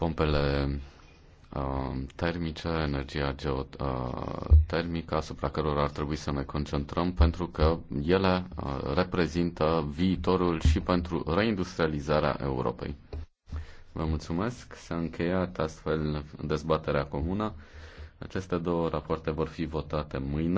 pompele uh, termice, energia geotermică, uh, asupra cărora ar trebui să ne concentrăm, pentru că ele uh, reprezintă viitorul și pentru reindustrializarea Europei. Vă mulțumesc, s-a încheiat astfel dezbaterea comună. Aceste două rapoarte vor fi votate mâine.